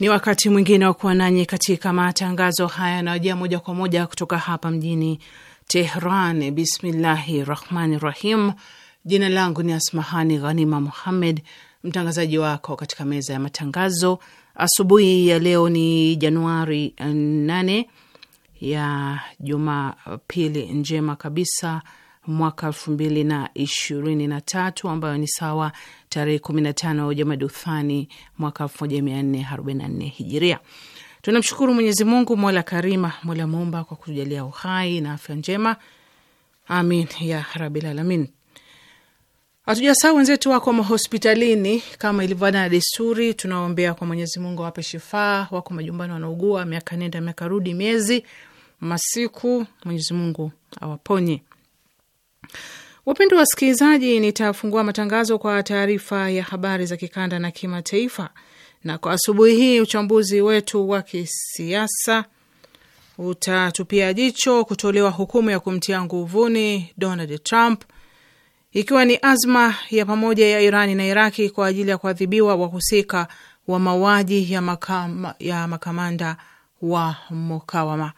Ni wakati mwingine wa kuwa nanyi katika matangazo haya yanayojia moja kwa moja kutoka hapa mjini Tehran. Bismillahi rahmani rahim. Jina langu ni Asmahani Ghanima Muhammed, mtangazaji wako katika meza ya matangazo asubuhi ya leo. Ni Januari 8 ya Jumapili njema kabisa mwaka elfu mbili na ishirini na tatu ambayo ni sawa tarehe 15 Jamadi Uthani mwaka 1444 hijiria. Tunamshukuru Mwenyezi Mungu mola karima, mola muumba kwa kutujalia uhai na afya njema, amin ya rabil alamin. Hatujasahau wenzetu wako mahospitalini, kama ilivyoana na desturi, tunaombea kwa Mwenyezi Mungu awape shifaa. Wako majumbani wanaugua, miaka nenda miaka rudi, miezi masiku, Mwenyezi Mungu awaponye. Wapendo wasikilizaji, nitafungua matangazo kwa taarifa ya habari za kikanda na kimataifa, na kwa asubuhi hii uchambuzi wetu wa kisiasa utatupia jicho kutolewa hukumu ya kumtia nguvuni Donald Trump, ikiwa ni azma ya pamoja ya Irani na Iraki kwa ajili ya kuadhibiwa wahusika wa mauaji ya, makam, ya makamanda wa mukawama.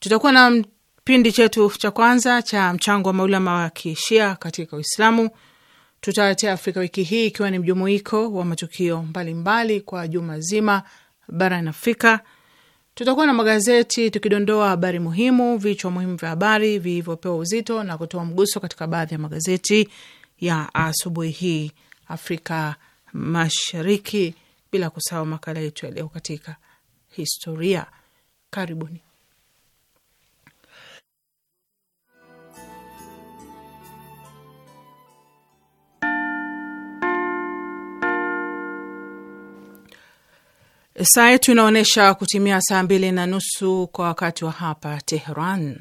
Tutakuwa na kipindi chetu cha kwanza cha mchango wa maulama wa kishia katika Uislamu tutaletea Afrika wiki hii ikiwa ni mjumuiko wa matukio mbalimbali mbali kwa juma zima barani Afrika. Tutakuwa na magazeti tukidondoa habari muhimu, vichwa muhimu vya habari vilivyopewa uzito na kutoa mguso katika baadhi ya magazeti ya asubuhi hii Afrika Mashariki, bila kusahau makala yetu ya leo katika historia. Karibuni. Saa yetu inaonyesha kutimia saa mbili na nusu kwa wakati wa hapa Tehran.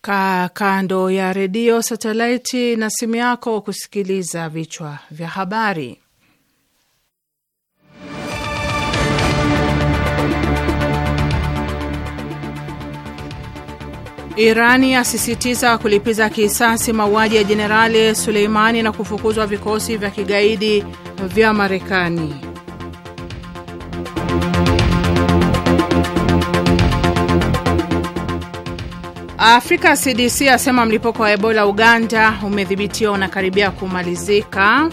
Ka kando ya redio satelaiti na simu yako kusikiliza vichwa vya habari. Irani asisitiza kulipiza kisasi mauaji ya Jenerali Suleimani na kufukuzwa vikosi vya kigaidi vya Marekani. Afrika CDC asema mlipuko wa Ebola Uganda umedhibitiwa unakaribia kumalizika.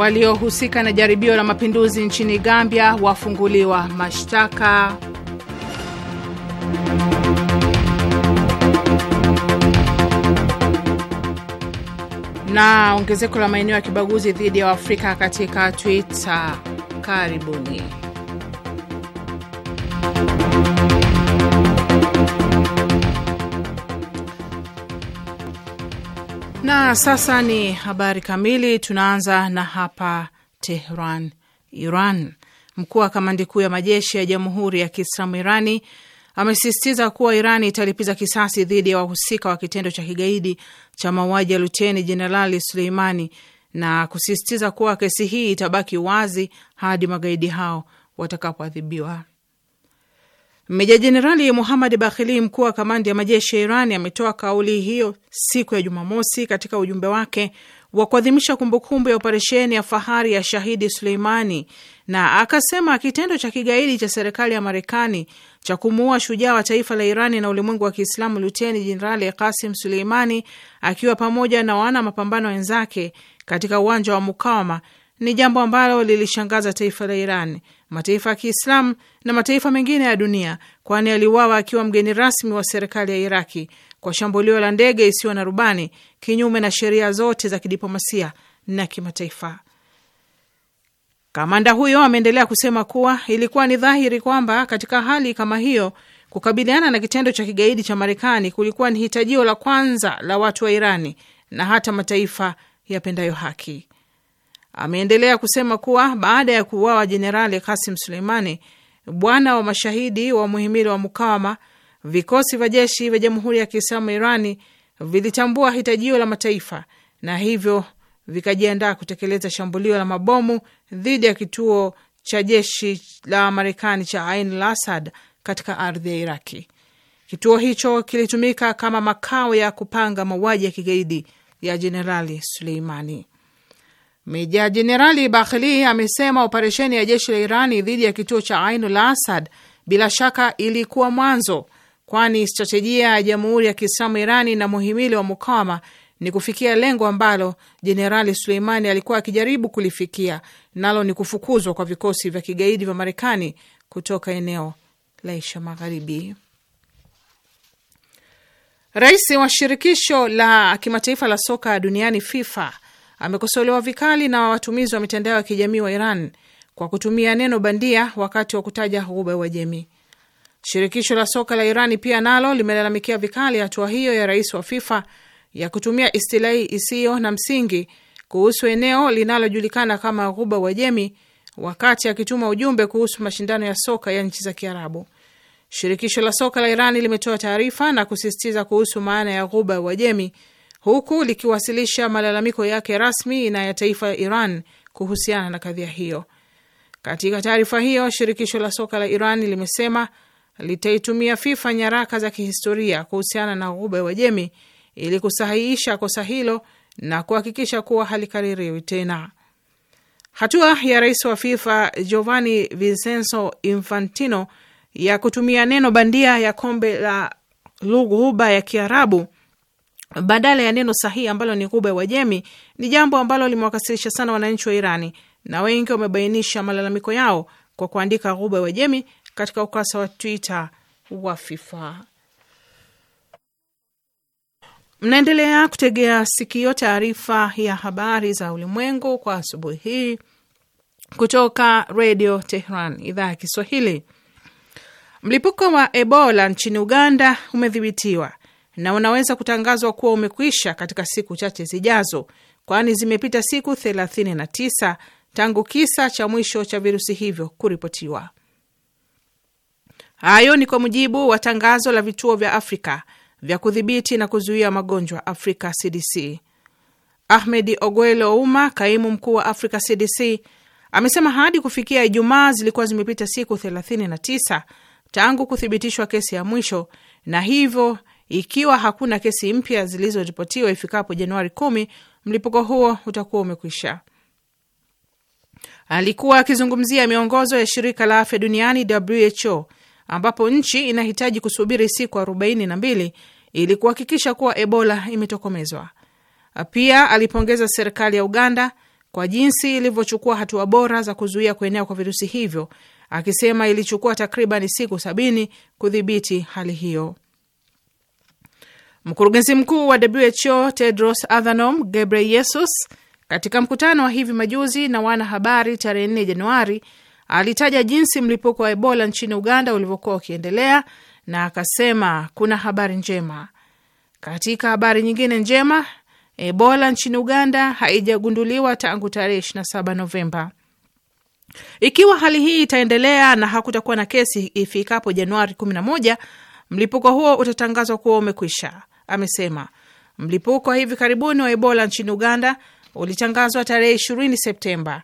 Waliohusika na jaribio la mapinduzi nchini Gambia wafunguliwa mashtaka. Na ongezeko la maeneo ya kibaguzi dhidi ya Waafrika katika Twitter. Karibuni. Na sasa ni habari kamili. Tunaanza na hapa Tehran, Iran. Mkuu wa kamandi kuu ya majeshi ya jamhuri ya Kiislamu Irani amesisitiza kuwa Irani italipiza kisasi dhidi ya wahusika wa kitendo cha kigaidi cha mauaji ya luteni jenerali Suleimani na kusisitiza kuwa kesi hii itabaki wazi hadi magaidi hao watakapoadhibiwa. Meja Jenerali Muhamad Bakhili, mkuu wa kamandi ya majeshi ya Irani, ametoa kauli hiyo siku ya Jumamosi katika ujumbe wake wa kuadhimisha kumbukumbu ya operesheni ya fahari ya shahidi Suleimani, na akasema kitendo cha kigaidi cha serikali ya Marekani cha kumuua shujaa wa taifa la Irani na ulimwengu wa Kiislamu Luteni Jenerali Kasim Suleimani akiwa pamoja na wana mapambano wenzake katika uwanja wa Mukawama ni jambo ambalo lilishangaza taifa la Iran, mataifa ya Kiislamu na mataifa mengine ya dunia, kwani aliuawa akiwa mgeni rasmi wa serikali ya Iraki kwa shambulio la ndege isiyo na rubani kinyume na sheria zote za kidiplomasia na kimataifa. Kamanda huyo ameendelea kusema kuwa ilikuwa ni dhahiri kwamba katika hali kama hiyo kukabiliana na kitendo cha kigaidi cha Marekani kulikuwa ni hitajio la kwanza la watu wa Irani na hata mataifa yapendayo haki. Ameendelea kusema kuwa baada ya kuuawa Jenerali Kasim Suleimani, bwana wa mashahidi wa muhimili wa Mukawama, vikosi vya jeshi vya Jamhuri ya Kiislamu Irani vilitambua hitajio la mataifa na hivyo vikajiandaa kutekeleza shambulio la mabomu dhidi ya kituo cha jeshi la Marekani cha Ain al Asad katika ardhi ya Iraki. Kituo hicho kilitumika kama makao ya kupanga mauaji ya kigaidi ya Jenerali Suleimani. Meja Jenerali Bakhli amesema operesheni ya jeshi la Irani dhidi ya kituo cha Ainul Asad bila shaka ilikuwa mwanzo, kwani stratejia ya Jamhuri ya Kiislamu Irani na muhimili wa mukawama ni kufikia lengo ambalo Jenerali Suleimani alikuwa akijaribu kulifikia, nalo ni kufukuzwa kwa vikosi vya kigaidi vya Marekani kutoka eneo la Asia Magharibi. Rais wa shirikisho la kimataifa la soka duniani FIFA amekosolewa vikali na watumizi wa mitandao ya kijamii wa Iran kwa kutumia neno bandia wakati wa kutaja Ghuba ya Uajemi. Shirikisho la soka la Irani pia nalo limelalamikia vikali hatua hiyo ya rais wa FIFA ya kutumia istilahi isiyo na msingi kuhusu eneo linalojulikana kama Ghuba Uajemi wakati akituma ujumbe kuhusu mashindano ya soka ya nchi za Kiarabu. Shirikisho la soka la Irani limetoa taarifa na kusisitiza kuhusu maana ya Ghuba ya Uajemi huku likiwasilisha malalamiko yake rasmi na ya taifa ya Iran kuhusiana na kadhia hiyo. Katika taarifa hiyo, shirikisho la soka la Iran limesema litaitumia FIFA nyaraka za kihistoria kuhusiana na Ghuba ya Uajemi ili kusahihisha kosa hilo na kuhakikisha kuwa halikaririwi tena. Hatua ya rais wa FIFA Giovanni Vincenzo Infantino ya kutumia neno bandia ya kombe la Ghuba ya Kiarabu badala ya neno sahihi ambalo ni ghuba ya Uajemi, ni jambo ambalo limewakasirisha sana wananchi wa Irani na wengi wamebainisha malalamiko yao kwa kuandika ghuba ya Uajemi katika ukurasa wa Twitter wa FIFA. Mnaendelea kutegea sikio taarifa ya habari za ulimwengu kwa asubuhi hii kutoka Radio Tehran, idhaa ya Kiswahili. Mlipuko wa Ebola nchini Uganda umedhibitiwa na unaweza kutangazwa kuwa umekwisha katika siku chache zijazo, kwani zimepita siku 39 tangu kisa cha mwisho cha virusi hivyo kuripotiwa. Hayo ni kwa mujibu wa tangazo la vituo vya Afrika vya kudhibiti na kuzuia magonjwa Afrika CDC. Ahmed Ogwele Ouma, kaimu mkuu wa Africa CDC, amesema hadi kufikia Ijumaa zilikuwa zimepita siku 39 tangu kuthibitishwa kesi ya mwisho, na hivyo ikiwa hakuna kesi mpya zilizoripotiwa ifikapo Januari kumi, mlipuko huo utakuwa umekwisha. Alikuwa akizungumzia miongozo ya shirika la afya duniani WHO, ambapo nchi inahitaji kusubiri siku arobaini na mbili ili kuhakikisha kuwa Ebola imetokomezwa. Pia alipongeza serikali ya Uganda kwa jinsi ilivyochukua hatua bora za kuzuia kuenea kwa virusi hivyo, akisema ilichukua takriban siku sabini kudhibiti hali hiyo. Mkurugenzi mkuu wa WHO Tedros Adhanom Ghebreyesus katika mkutano wa hivi majuzi na wanahabari tarehe 4 Januari alitaja jinsi mlipuko wa Ebola nchini Uganda ulivyokuwa ukiendelea na akasema kuna habari njema. Katika habari nyingine njema, Ebola nchini Uganda haijagunduliwa tangu tarehe 27 Novemba. Ikiwa hali hii itaendelea na hakutakuwa na kesi ifikapo Januari 11, mlipuko huo utatangazwa kuwa umekwisha amesema mlipuko wa hivi karibuni wa Ebola nchini Uganda ulitangazwa tarehe 20 Septemba.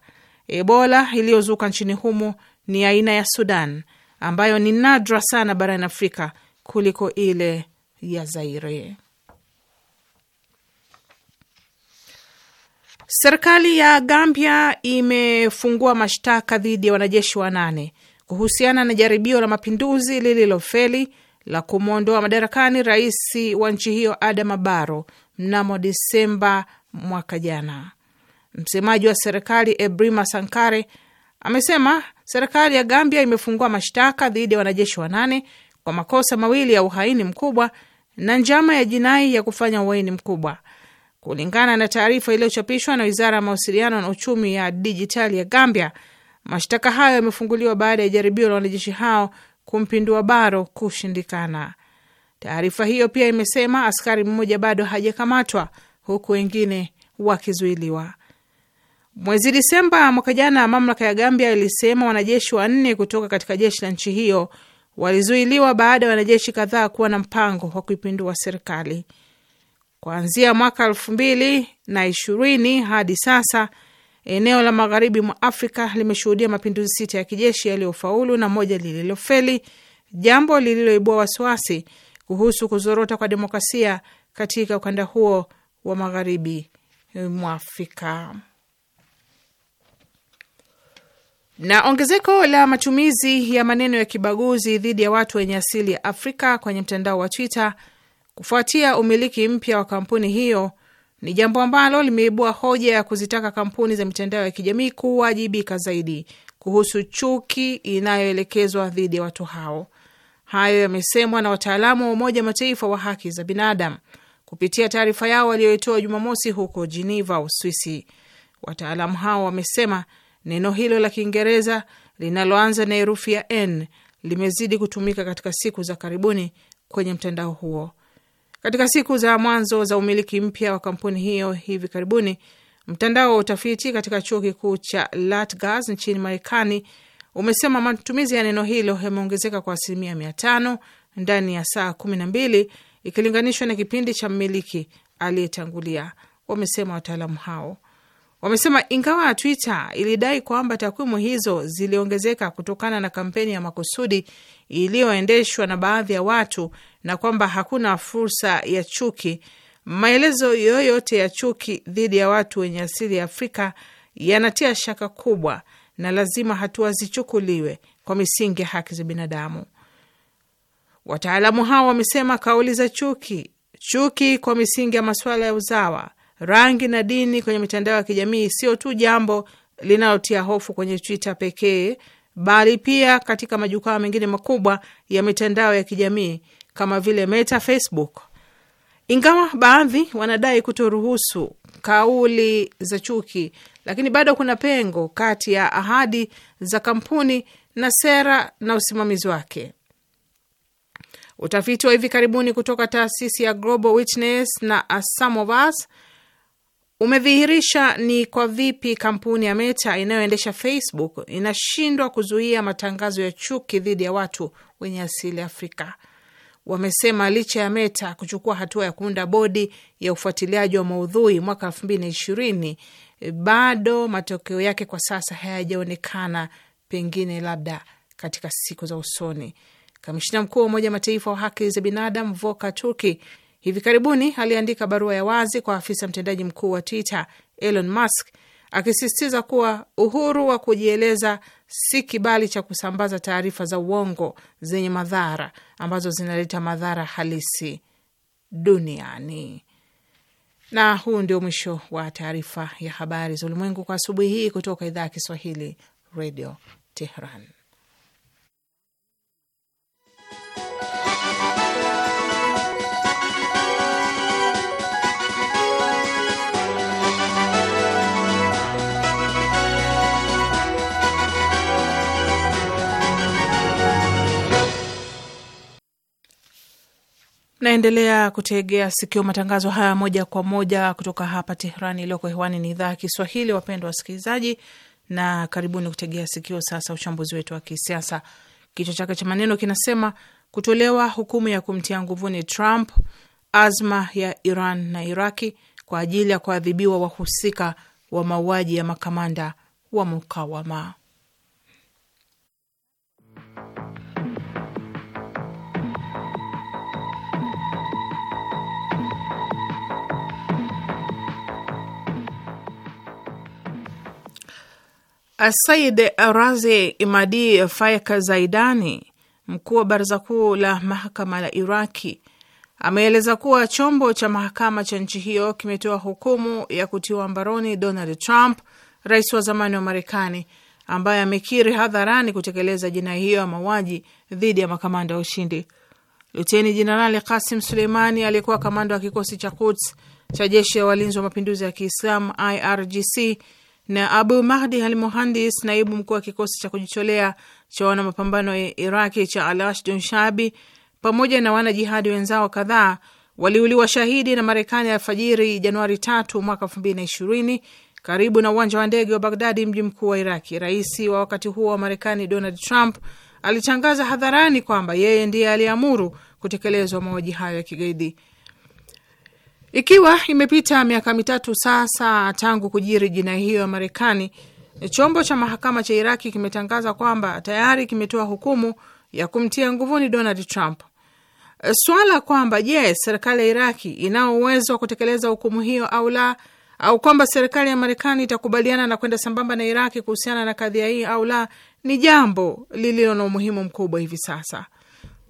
Ebola iliyozuka nchini humo ni aina ya Sudan ambayo ni nadra sana barani Afrika kuliko ile ya Zaire. Serikali ya Gambia imefungua mashtaka dhidi ya wanajeshi wanane kuhusiana na jaribio la mapinduzi lililofeli la kumwondoa madarakani rais wa nchi hiyo Adama Barrow mnamo Desemba mwaka jana. Msemaji wa serikali Ebrima Sankare amesema serikali ya Gambia imefungua mashtaka dhidi ya wanajeshi wanane kwa makosa mawili ya uhaini mkubwa na njama ya jinai ya kufanya uhaini mkubwa. Kulingana na taarifa iliyochapishwa na wizara ya mawasiliano na uchumi ya dijitali ya Gambia, mashtaka hayo yamefunguliwa baada ya jaribio la wanajeshi hao kumpindua Baro kushindikana. Taarifa hiyo pia imesema askari mmoja bado hajakamatwa huku wengine wakizuiliwa. Mwezi Disemba mwaka jana, mamlaka ya Gambia ilisema wanajeshi wanne kutoka katika jeshi la nchi hiyo walizuiliwa baada ya wanajeshi kadhaa kuwa na mpango wa kuipindua serikali. Kuanzia mwaka elfu mbili na ishirini hadi sasa Eneo la magharibi mwa Afrika limeshuhudia mapinduzi sita ya kijeshi yaliyofaulu na moja lililofeli, jambo lililoibua wasiwasi kuhusu kuzorota kwa demokrasia katika ukanda huo wa magharibi mwa Afrika. Na ongezeko la matumizi ya maneno ya kibaguzi dhidi ya watu wenye asili ya Afrika kwenye mtandao wa Twitter kufuatia umiliki mpya wa kampuni hiyo ni jambo ambalo limeibua hoja ya kuzitaka kampuni za mitandao ya kijamii kuwajibika zaidi kuhusu chuki inayoelekezwa dhidi ya watu hao. Hayo yamesemwa na wataalamu wa Umoja Mataifa wa haki za binadamu kupitia taarifa yao waliyoitoa Jumamosi huko Geneva, Uswisi. Wataalamu hao wamesema neno hilo la Kiingereza linaloanza na herufi ya N limezidi kutumika katika siku za karibuni kwenye mtandao huo katika siku za mwanzo za umiliki mpya wa kampuni hiyo hivi karibuni, mtandao wa utafiti katika chuo kikuu cha Rutgers nchini Marekani umesema matumizi ya neno hilo yameongezeka kwa asilimia mia tano ndani ya saa kumi na mbili ikilinganishwa na kipindi cha mmiliki aliyetangulia, wamesema wataalamu hao. Wamesema ingawa Twitter ilidai kwamba takwimu hizo ziliongezeka kutokana na kampeni ya makusudi iliyoendeshwa na baadhi ya watu na kwamba hakuna fursa ya chuki. Maelezo yoyote ya chuki dhidi ya watu wenye asili ya Afrika yanatia shaka kubwa na lazima hatua zichukuliwe kwa misingi ya haki za binadamu. Wataalamu hao wamesema kauli za chuki, chuki kwa misingi ya masuala ya uzawa, rangi na dini kwenye mitandao ya kijamii sio tu jambo linalotia hofu kwenye Twitter pekee, bali pia katika majukwaa mengine makubwa ya mitandao ya kijamii kama vile Meta, Facebook, ingawa baadhi wanadai kutoruhusu kauli za chuki, lakini bado kuna pengo kati ya ahadi za kampuni na sera na usimamizi wake. Utafiti wa hivi karibuni kutoka taasisi ya Global Witness na asamovas Some of Us umedhihirisha ni kwa vipi kampuni ya Meta inayoendesha Facebook inashindwa kuzuia matangazo ya chuki dhidi ya watu wenye asili Afrika wamesema licha ya Meta kuchukua hatua ya kuunda bodi ya ufuatiliaji wa maudhui mwaka elfu mbili na ishirini, bado matokeo yake kwa sasa hayajaonekana, pengine labda katika siku za usoni. Kamishina mkuu wa Umoja Mataifa wa haki za binadamu Voka Turki hivi karibuni aliandika barua ya wazi kwa afisa mtendaji mkuu wa Twitter Elon Musk akisisitiza kuwa uhuru wa kujieleza si kibali cha kusambaza taarifa za uongo zenye madhara ambazo zinaleta madhara halisi duniani. Na huu ndio mwisho wa taarifa ya habari za ulimwengu kwa asubuhi hii kutoka idhaa ya Kiswahili, Radio Tehran. Naendelea kutegea sikio matangazo haya moja kwa moja kutoka hapa Tehrani. Iliyoko hewani ni idhaa ya Kiswahili. Wapendwa wasikilizaji, na karibuni kutegea sikio sasa uchambuzi wetu wa kisiasa. Kichwa chake cha maneno kinasema kutolewa hukumu ya kumtia nguvuni Trump, azma ya Iran na Iraki kwa ajili ya kuadhibiwa wahusika wa mauaji ya makamanda wa mukawama. Said Razi Imadi Faika Zaidani, mkuu wa baraza kuu la mahakama la Iraki, ameeleza kuwa chombo cha mahakama cha nchi hiyo kimetoa hukumu ya kutiwa mbaroni Donald Trump, rais wa zamani wa Marekani, ambaye amekiri hadharani kutekeleza jinai hiyo ya mauaji dhidi ya makamanda wa ushindi. Luteni Jenerali Kasim Suleimani aliyekuwa kamanda wa kikosi cha Quds cha jeshi ya walinzi wa mapinduzi ya Kiislamu IRGC na Abu Mahdi al Muhandis, naibu mkuu wa kikosi cha kujitolea cha wana mapambano ya Iraki cha Alashdun Shabi, pamoja na wanajihadi wenzao kadhaa waliuliwa shahidi na Marekani alfajiri Januari tatu mwaka elfu mbili na ishirini karibu na uwanja wa ndege wa Bagdadi, mji mkuu wa Iraki. Rais wa wakati huo wa Marekani Donald Trump alitangaza hadharani kwamba yeye ndiye aliamuru kutekelezwa mauaji hayo ya kigaidi. Ikiwa imepita miaka mitatu sasa tangu kujiri jinai hiyo ya Marekani, chombo cha mahakama cha Iraki kimetangaza kwamba tayari kimetoa hukumu ya kumtia nguvuni Donald Trump. Swala kwamba je, yes, serikali ya Iraki inao uwezo wa kutekeleza hukumu hiyo au la, au kwamba serikali ya Marekani itakubaliana na kwenda sambamba na Iraki kuhusiana na kadhia hii au la, ni jambo lililo na umuhimu mkubwa hivi sasa.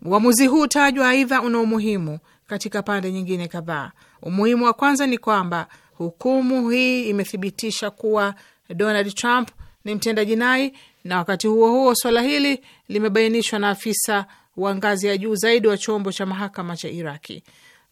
Uamuzi huu tajwa aidha una umuhimu katika pande nyingine kadhaa. Umuhimu wa kwanza ni kwamba hukumu hii imethibitisha kuwa Donald Trump ni mtenda jinai, na wakati huo huo swala hili limebainishwa na afisa wa ngazi ya juu zaidi wa chombo cha mahakama cha Iraki.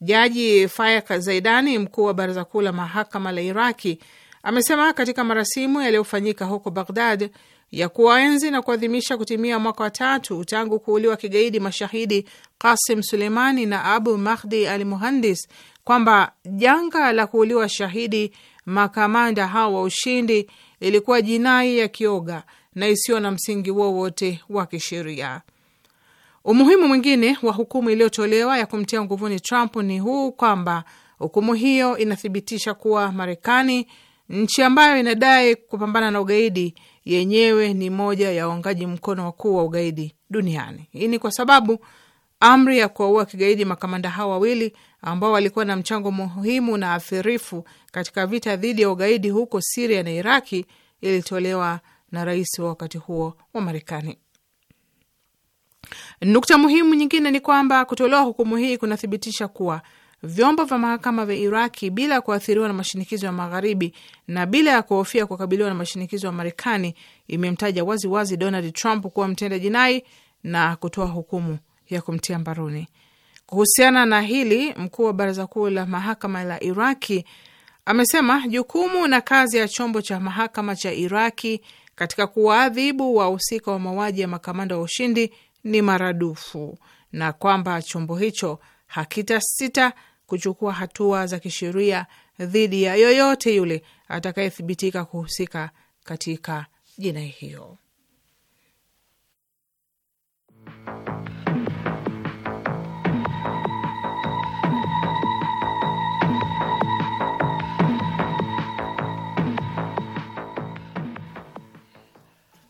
Jaji Faik Zaidani, mkuu wa baraza kuu la mahakama la Iraki, amesema katika marasimu yaliyofanyika huko Baghdad ya kuwaenzi na kuadhimisha kutimia mwaka wa tatu tangu kuuliwa kigaidi mashahidi Qasim Suleimani na Abu Mahdi al Muhandis kwamba janga la kuuliwa shahidi makamanda hao wa ushindi ilikuwa jinai ya kioga na isiyo na msingi wowote wa kisheria. Umuhimu mwingine wa hukumu iliyotolewa ya kumtia nguvuni Trump ni huu kwamba hukumu hiyo inathibitisha kuwa Marekani, nchi ambayo inadai kupambana na ugaidi, yenyewe ni moja ya waungaji mkono wakuu wa ugaidi duniani. Hii ni kwa sababu amri ya kuwaua kigaidi makamanda hao wawili ambao walikuwa na mchango muhimu na athirifu katika vita dhidi ya ugaidi huko Siria na Iraki ilitolewa na rais wa wakati huo wa Marekani. Nukta muhimu nyingine ni kwamba kutolewa hukumu hii kunathibitisha kuwa vyombo vya mahakama vya Iraki bila ya kuathiriwa na mashinikizo ya Magharibi na bila ya kuhofia kukabiliwa na mashinikizo ya Marekani imemtaja waziwazi Donald Trump kuwa mtenda jinai na kutoa hukumu ya kumtia mbaroni. Kuhusiana na hili, mkuu wa baraza kuu la mahakama la Iraki amesema jukumu na kazi ya chombo cha mahakama cha Iraki katika kuwaadhibu wahusika wa mauaji ya makamanda wa ushindi ni maradufu na kwamba chombo hicho hakitasita kuchukua hatua za kisheria dhidi ya yoyote yule atakayethibitika kuhusika katika jinai hiyo.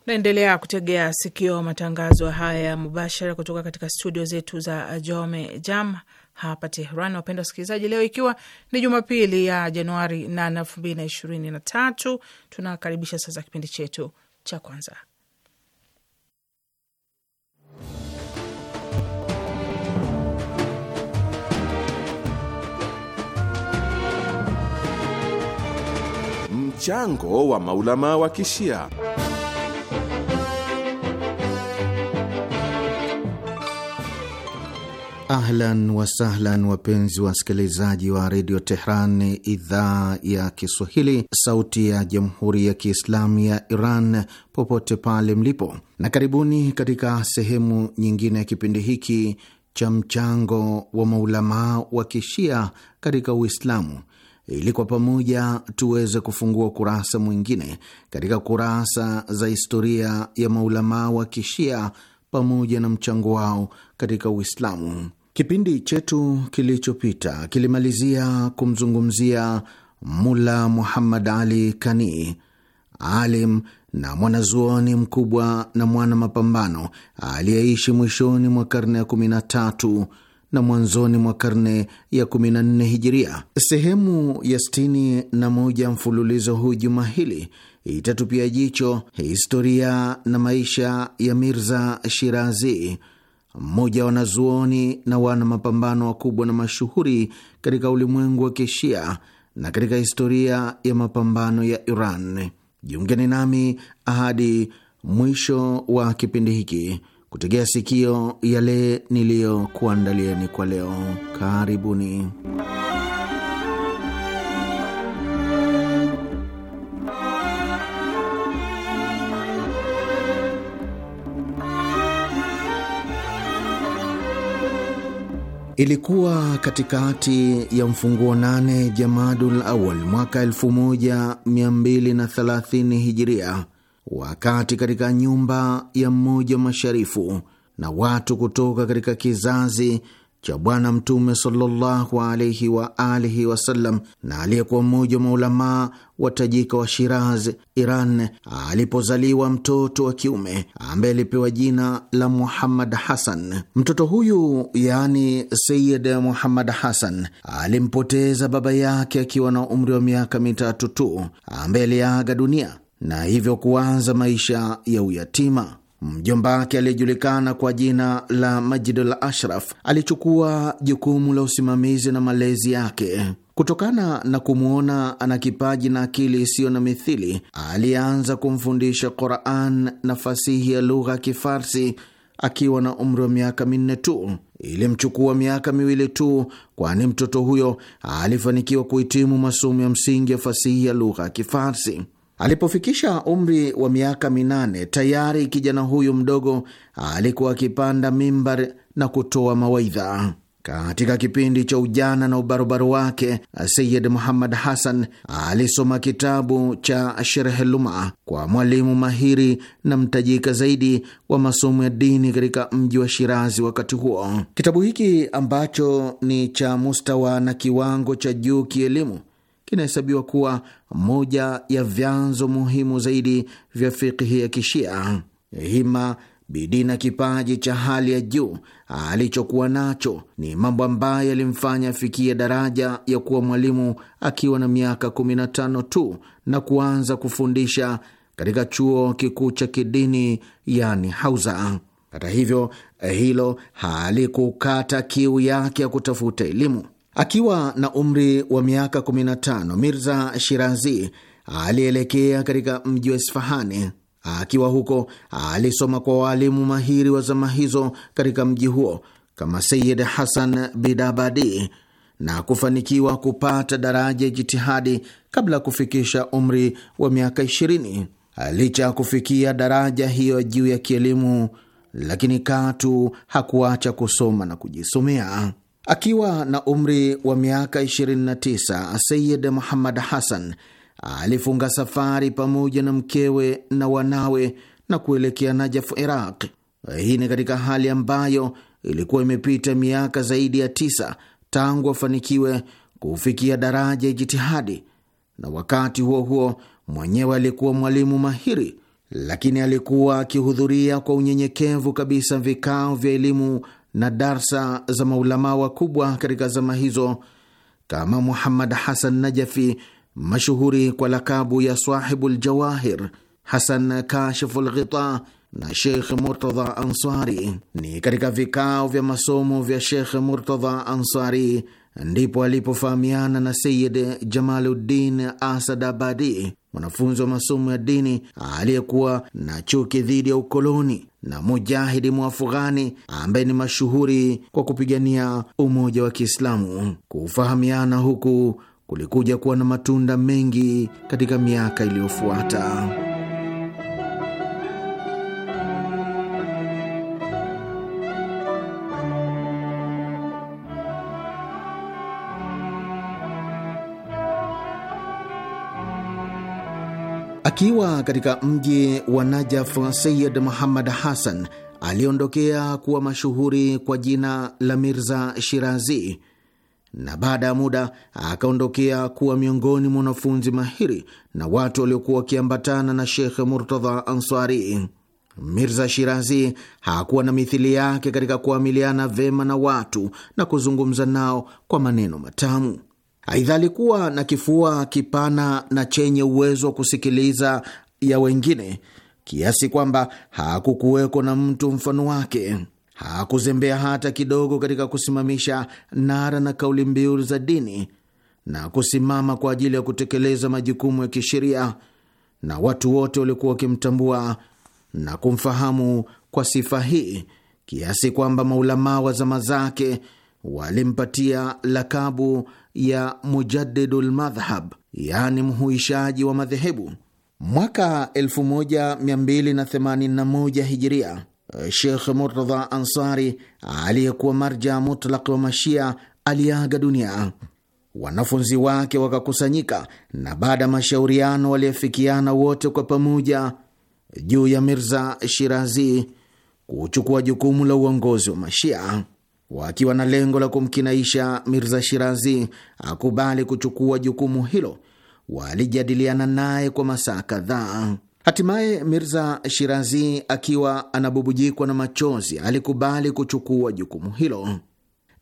Naendelea kutegea sikio matangazo haya mubashara kutoka katika studio zetu za Jome Jam hapa Tehran. Wapenda wasikilizaji, leo ikiwa ni Jumapili ya Januari 8 elfu mbili na ishirini na tatu, tunakaribisha sasa kipindi chetu cha kwanza mchango wa maulama wa Kishia. Ahlan wasahlan, wapenzi wasikilizaji wa redio Tehran, idhaa ya Kiswahili, sauti ya jamhuri ya kiislamu ya Iran, popote pale mlipo, na karibuni katika sehemu nyingine ya kipindi hiki cha mchango wa maulamaa wa kishia katika Uislamu, ili kwa pamoja tuweze kufungua kurasa mwingine katika kurasa za historia ya maulamaa wa kishia pamoja na mchango wao katika Uislamu. Kipindi chetu kilichopita kilimalizia kumzungumzia Mula Muhammad Ali Kani, alim na mwanazuoni mkubwa na mwana mapambano aliyeishi mwishoni mwa karne ya 13 na mwanzoni mwa karne ya 14 Hijiria. Sehemu ya 61 mfululizo huu juma hili itatupia jicho historia na maisha ya Mirza Shirazi, mmoja wa wanazuoni na wana mapambano wakubwa na mashuhuri katika ulimwengu wa Kishia na katika historia ya mapambano ya Iran. Jiungeni nami hadi mwisho wa kipindi hiki kutegea sikio yale niliyokuandalieni kwa leo. Karibuni. Ilikuwa katikati ya mfunguo nane Jamadul Awal mwaka 1230 Hijiria, wakati katika nyumba ya mmoja masharifu na watu kutoka katika kizazi cha Bwana Mtume sallallahu alaihi wa alihi wasallam na aliyekuwa mmoja wa maulamaa tajika wa Shiraz, Iran, alipozaliwa mtoto wa kiume ambaye alipewa jina la Muhammad Hasan. Mtoto huyu yaani Sayid Muhammad Hasan alimpoteza baba yake akiwa na umri wa miaka mitatu tu, ambaye aliaga dunia na hivyo kuanza maisha ya uyatima. Mjomba wake aliyejulikana kwa jina la al Ashraf alichukua jukumu la usimamizi na malezi yake. Kutokana na kumwona ana kipaji na akili isiyo na mithili, alianza kumfundisha Quran na fasihi ya lugha ya Kifarsi akiwa na umri wa miaka minne tu. Ilimchukua miaka miwili tu, kwani mtoto huyo alifanikiwa kuhitimu masomo ya msingi ya fasihi ya lugha ya Kifarsi. Alipofikisha umri wa miaka minane, tayari kijana huyu mdogo alikuwa akipanda mimbar na kutoa mawaidha. Katika kipindi cha ujana na ubarobaro wake, Sayid Muhammad Hassan alisoma kitabu cha Sherhe Luma kwa mwalimu mahiri na mtajika zaidi wa masomo ya dini katika mji wa Shirazi wakati huo. Kitabu hiki ambacho ni cha mustawa na kiwango cha juu kielimu kinahesabiwa kuwa moja ya vyanzo muhimu zaidi vya fikihi ya Kishia. Hima, bidii na kipaji cha hali ya juu alichokuwa nacho ni mambo ambayo yalimfanya afikia daraja ya kuwa mwalimu akiwa na miaka 15 tu na kuanza kufundisha katika chuo kikuu cha kidini yani Hauza. Hata hivyo, hilo halikukata kiu yake ya kutafuta elimu. Akiwa na umri wa miaka 15 Mirza Shirazi alielekea katika mji wa Isfahani. Akiwa huko alisoma kwa waalimu mahiri wa zama hizo katika mji huo kama Sayid Hasan Bidabadi na kufanikiwa kupata daraja ya jitihadi kabla ya kufikisha umri wa miaka 20. Licha ya kufikia daraja hiyo juu ya kielimu, lakini katu hakuacha kusoma na kujisomea. Akiwa na umri wa miaka 29, Sayid Muhammad Hassan alifunga safari pamoja na mkewe na wanawe na kuelekea Najafu, Iraq. Hii ni katika hali ambayo ilikuwa imepita miaka zaidi ya tisa tangu afanikiwe kufikia daraja ya jitihadi, na wakati huo huo mwenyewe alikuwa mwalimu mahiri, lakini alikuwa akihudhuria kwa unyenyekevu kabisa vikao vya elimu na darsa za maulamaa wakubwa katika zama hizo kama Muhammad Hasan Najafi, mashuhuri kwa lakabu ya Sahibu Ljawahir, Hasan Kashifu Lghita na Sheikh Murtadha Ansari. Ni katika vikao vya masomo vya Sheikh Murtadha Ansari ndipo alipofahamiana na Sayid Jamaluddin Asad Abadi, mwanafunzi wa masomo ya dini aliyekuwa na chuki dhidi ya ukoloni na mujahidi Mwafughani ambaye ni mashuhuri kwa kupigania umoja wa Kiislamu. Kufahamiana huku kulikuja kuwa na matunda mengi katika miaka iliyofuata. Akiwa katika mji wa Najaf, Sayid Muhammad Hassan aliondokea kuwa mashuhuri kwa jina la Mirza Shirazi, na baada ya muda akaondokea kuwa miongoni mwa wanafunzi mahiri na watu waliokuwa wakiambatana na Shekh Murtadha Ansari. Mirza Shirazi hakuwa na mithili yake katika kuamiliana vema na watu na kuzungumza nao kwa maneno matamu. Aidha, alikuwa na kifua kipana na chenye uwezo wa kusikiliza ya wengine kiasi kwamba hakukuweko na mtu mfano wake. Hakuzembea hata kidogo katika kusimamisha nara na kauli mbiu za dini na kusimama kwa ajili ya kutekeleza majukumu ya kisheria, na watu wote walikuwa wakimtambua na kumfahamu kwa sifa hii, kiasi kwamba maulamaa wa zama zake walimpatia lakabu ya Mujadidul Madhhab, yani mhuishaji wa madhehebu. Mwaka 1281 Hijiria, Shekh Murtadha Ansari aliyekuwa marja mutlaki wa Mashia aliaga dunia. Wanafunzi wake wakakusanyika na baada ya mashauriano waliyefikiana wote kwa pamoja juu ya Mirza Shirazi kuchukua jukumu la uongozi wa Mashia wakiwa na lengo la kumkinaisha Mirza Shirazi akubali kuchukua jukumu hilo. Walijadiliana naye kwa masaa kadhaa. Hatimaye Mirza Shirazi akiwa anabubujikwa na machozi alikubali kuchukua jukumu hilo.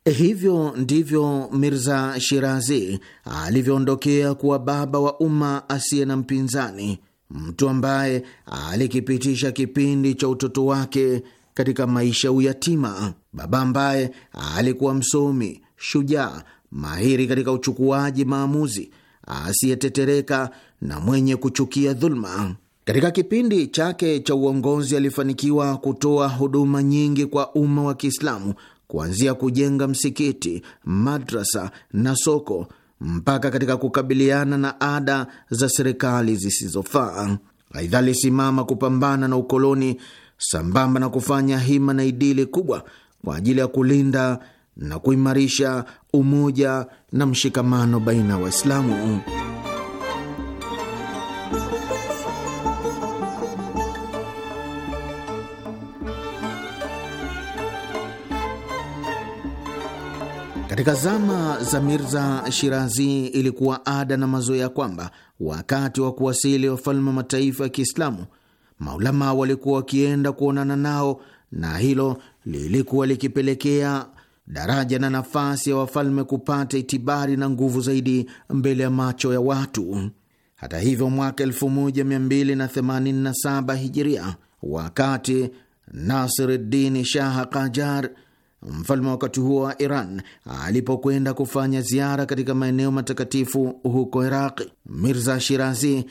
Eh, hivyo ndivyo Mirza Shirazi alivyoondokea kuwa baba wa umma asiye na mpinzani, mtu ambaye alikipitisha kipindi cha utoto wake katika maisha ya uyatima. Baba ambaye alikuwa msomi, shujaa, mahiri katika uchukuaji maamuzi, asiyetetereka na mwenye kuchukia dhuluma. Katika kipindi chake cha uongozi alifanikiwa kutoa huduma nyingi kwa umma wa Kiislamu, kuanzia kujenga msikiti, madrasa na soko mpaka katika kukabiliana na ada za serikali zisizofaa. Aidha, alisimama kupambana na ukoloni sambamba na kufanya hima na idili kubwa kwa ajili ya kulinda na kuimarisha umoja na mshikamano baina ya Waislamu. Katika zama za Mirza Shirazi ilikuwa ada na mazoea kwamba wakati wa kuwasili wafalme wa mataifa ya Kiislamu maulama walikuwa wakienda kuonana nao, na hilo lilikuwa likipelekea daraja na nafasi ya wafalme kupata itibari na nguvu zaidi mbele ya macho ya watu. Hata hivyo, mwaka 1287 hijiria, wakati Nasiruddin Shah Kajar Mfalme wa wakati huo wa Iran alipokwenda kufanya ziara katika maeneo matakatifu huko Iraqi, Mirza Shirazi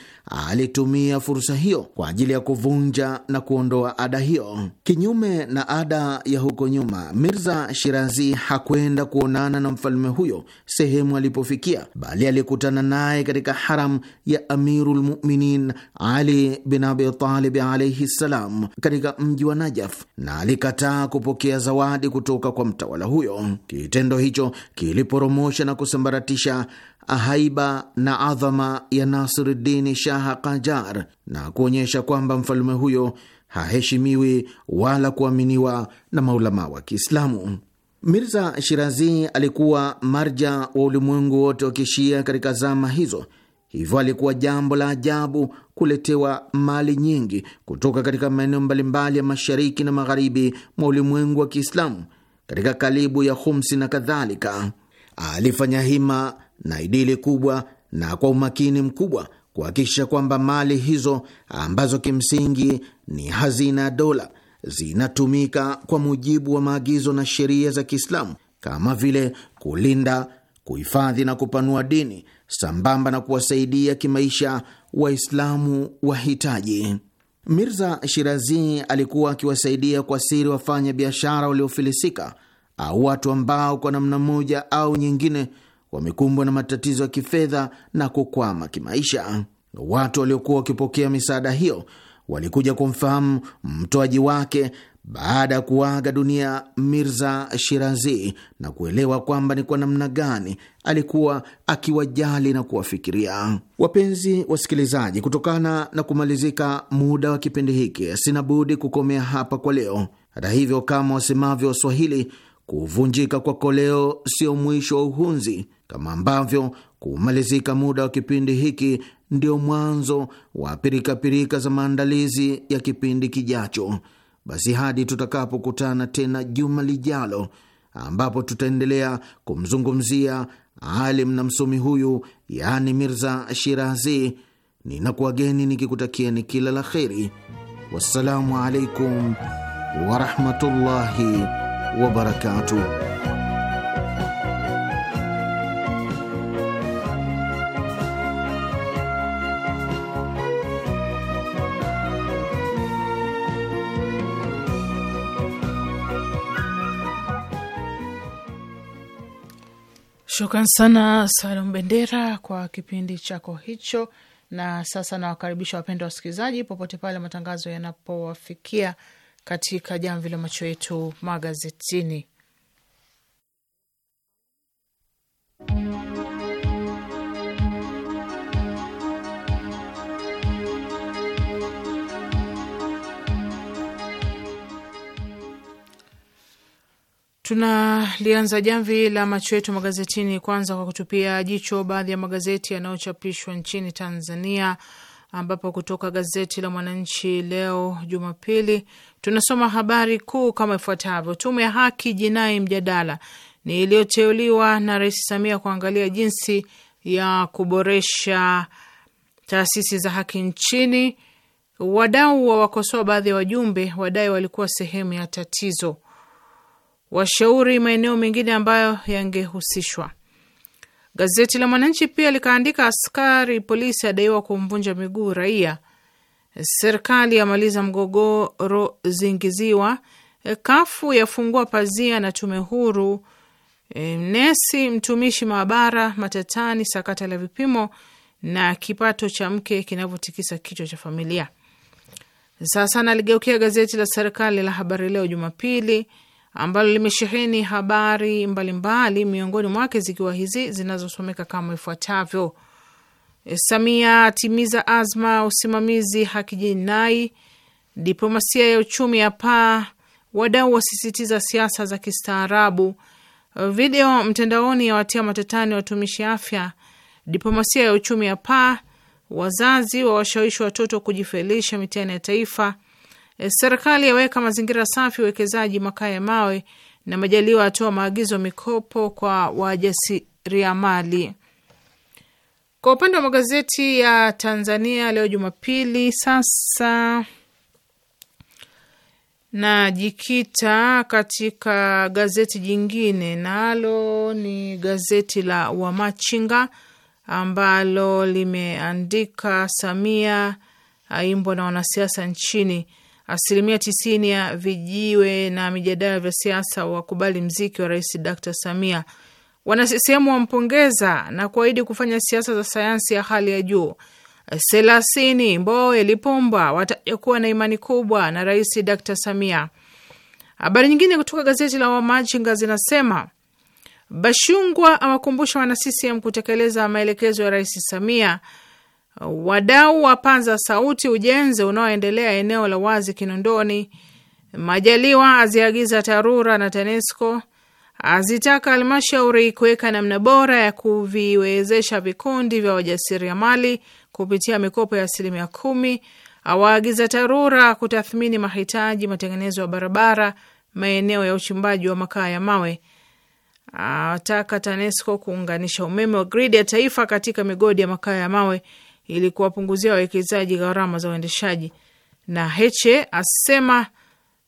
alitumia fursa hiyo kwa ajili ya kuvunja na kuondoa ada hiyo. Kinyume na ada ya huko nyuma, Mirza Shirazi hakwenda kuonana na mfalme huyo sehemu alipofikia, bali alikutana naye katika haram ya Amiru lmuminin Ali bin Abitalib alaihi ssalam katika mji wa Najaf, na alikataa kupokea zawadi kutoka kuondoka kwa mtawala huyo. Kitendo hicho kiliporomosha na kusambaratisha haiba na adhama ya Nasiruddin Shah Kajar na kuonyesha kwamba mfalme huyo haheshimiwi wala kuaminiwa na maulama wa Kiislamu. Mirza Shirazi alikuwa marja wa ulimwengu wote wa Kishia katika zama hizo. Hivyo alikuwa jambo la ajabu kuletewa mali nyingi kutoka katika maeneo mbalimbali ya mashariki na magharibi mwa ulimwengu wa Kiislamu katika kalibu ya Khumsi na kadhalika. Alifanya hima na idili kubwa na kwa umakini mkubwa kuhakikisha kwamba mali hizo ambazo kimsingi ni hazina ya dola zinatumika kwa mujibu wa maagizo na sheria za Kiislamu kama vile kulinda, kuhifadhi na kupanua dini sambamba na kuwasaidia kimaisha Waislamu wahitaji. Mirza Shirazi alikuwa akiwasaidia kwa siri wafanya biashara waliofilisika au watu ambao kwa namna moja au nyingine wamekumbwa na matatizo ya kifedha na kukwama kimaisha. Watu waliokuwa wakipokea misaada hiyo walikuja kumfahamu mtoaji wake baada ya kuaga dunia Mirza Shirazi na kuelewa kwamba ni kwa namna gani alikuwa akiwajali na kuwafikiria wapenzi wasikilizaji, kutokana na kumalizika muda wa kipindi hiki, sina budi kukomea hapa kwa leo. Hata hivyo, kama wasemavyo Waswahili, kuvunjika kwa koleo sio mwisho wa uhunzi, kama ambavyo kumalizika muda wa kipindi hiki ndio mwanzo wa pirikapirika za maandalizi ya kipindi kijacho. Basi hadi tutakapokutana tena juma lijalo, ambapo tutaendelea kumzungumzia alim na msomi huyu, yaani Mirza Shirazi, ninakuwageni nikikutakieni kila la kheri. Wassalamu alaikum warahmatullahi wabarakatuh. Shukran sana Salum Bendera kwa kipindi chako hicho. Na sasa nawakaribisha wapendwa wasikilizaji, popote pale matangazo yanapowafikia, katika jamvi la macho yetu magazetini. Tunalianza jamvi la macho yetu magazetini kwanza kwa kutupia jicho baadhi ya magazeti yanayochapishwa nchini Tanzania, ambapo kutoka gazeti la Mwananchi leo Jumapili tunasoma habari kuu kama ifuatavyo: Tume ya Haki Jinai mjadala ni iliyoteuliwa na Rais Samia kuangalia jinsi ya kuboresha taasisi za haki nchini. Wadau wawakosoa baadhi ya wajumbe wadai walikuwa sehemu ya tatizo washauri maeneo mengine ambayo yangehusishwa. Gazeti la Mwananchi pia likaandika, askari polisi adaiwa kumvunja miguu raia, serikali yamaliza mgogoro zingiziwa, kafu yafungua pazia na tume huru, e, nesi mtumishi maabara matatani, sakata la vipimo na kipato cha mke kinavyotikisa kichwa cha familia. Sasa naligeukia gazeti la serikali la Habari Leo Jumapili ambalo limesheheni habari mbalimbali, miongoni mwake zikiwa hizi zinazosomeka kama ifuatavyo: Samia atimiza azma usimamizi haki jinai, diplomasia ya uchumi ya paa, wadau wasisitiza siasa za kistaarabu, video mtandaoni ya watia matatani watumishi afya, diplomasia ya uchumi ya paa, wazazi wawashawishi watoto kujifelisha mitihani ya taifa E, serikali yaweka mazingira safi uwekezaji makaa ya mawe, na Majaliwa atoa maagizo mikopo kwa wajasiriamali. Kwa upande wa magazeti ya Tanzania leo Jumapili, sasa najikita katika gazeti jingine, nalo ni gazeti la Wamachinga ambalo limeandika Samia aimbwa na wanasiasa nchini Asilimia tisini ya vijiwe na mijadala vya siasa wakubali mziki wa Rais Dr Samia. Wanasisehemu wampongeza na kuahidi kufanya siasa za sayansi ya hali ya juu. Selasini Mbowe Lipumba wataja kuwa na imani kubwa na Rais Dr Samia. Habari nyingine kutoka gazeti la Wamachinga zinasema Bashungwa awakumbusha wana CCM kutekeleza maelekezo ya Rais Samia Wadau wapaza sauti ujenzi unaoendelea eneo la wazi Kinondoni. Majaliwa aziagiza TARURA na TANESCO, azitaka halmashauri kuweka namna bora ya kuviwezesha vikundi vya wajasiriamali kupitia mikopo ya asilimia kumi. Awaagiza TARURA kutathmini mahitaji matengenezo ya barabara maeneo ya uchimbaji wa makaa ya mawe. Ataka TANESCO kuunganisha umeme wa gridi ya taifa katika migodi ya makaa ya mawe ili kuwapunguzia wawekezaji gharama za uendeshaji. Na Heche asema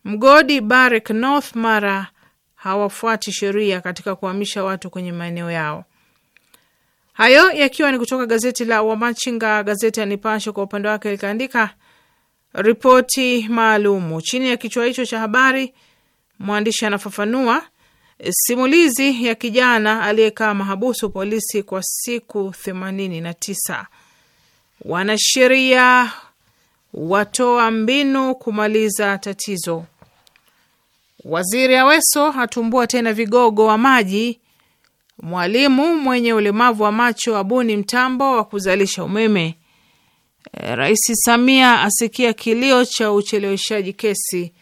mgodi Barrick North Mara hawafuati sheria katika kuhamisha watu kwenye maeneo yao. Hayo yakiwa ni kutoka gazeti la Wamachinga. Gazeti ya Nipashe kwa upande wake likaandika ripoti maalumu chini ya kichwa hicho cha habari, mwandishi anafafanua simulizi ya kijana aliyekaa mahabusu polisi kwa siku themanini na tisa. Wanasheria watoa mbinu kumaliza tatizo. Waziri Aweso hatumbua tena vigogo wa maji. Mwalimu mwenye ulemavu wa macho abuni mtambo wa kuzalisha umeme. Rais Samia asikia kilio cha ucheleweshaji kesi,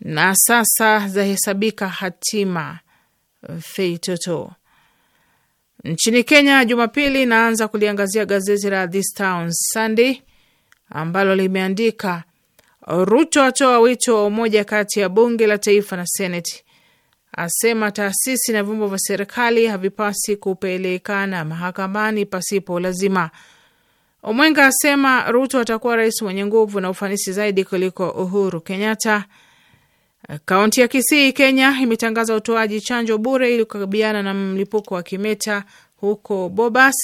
na sasa zahesabika hatima feitoto. Nchini Kenya Jumapili naanza kuliangazia gazeti la This Town Sunday ambalo limeandika Ruto atoa wito wa umoja kati ya bunge la taifa na seneti, asema taasisi na vyombo vya serikali havipasi kupelekana mahakamani pasipo lazima. Omwenga asema Ruto atakuwa rais mwenye nguvu na ufanisi zaidi kuliko Uhuru Kenyatta. Kaunti ya Kisii, Kenya imetangaza utoaji chanjo bure ili kukabiliana na mlipuko wa kimeta huko Bobas,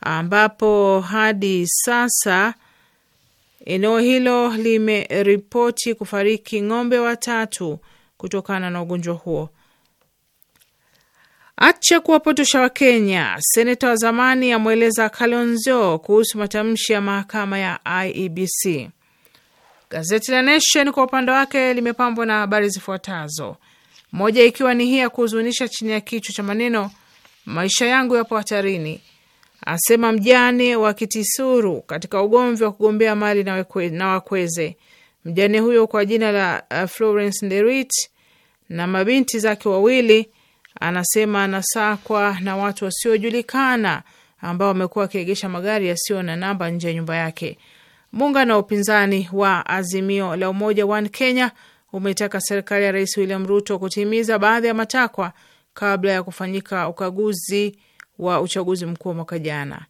ambapo hadi sasa eneo hilo limeripoti kufariki ng'ombe watatu kutokana na ugonjwa huo. Acha kuwapotosha Wakenya, seneta wa zamani amweleza Kalonzo kuhusu matamshi ya mahakama ya IEBC. Gazeti la Nation kwa upande wake limepambwa na habari zifuatazo, moja ikiwa ni hii ya kuhuzunisha chini ya kichwa cha maneno maisha yangu yapo hatarini, asema mjane wa Kitisuru katika ugomvi wa kugombea mali na, wekwe, na wakweze. Mjane huyo kwa jina la uh, Florence Nderit na mabinti zake wawili anasema anasakwa na watu wasiojulikana ambao wamekuwa wakiegesha magari yasiyo na namba nje ya nyumba yake. Muungano wa upinzani wa Azimio la Umoja One Kenya umetaka serikali ya Rais William Ruto kutimiza baadhi ya matakwa kabla ya kufanyika ukaguzi wa uchaguzi mkuu wa mwaka jana.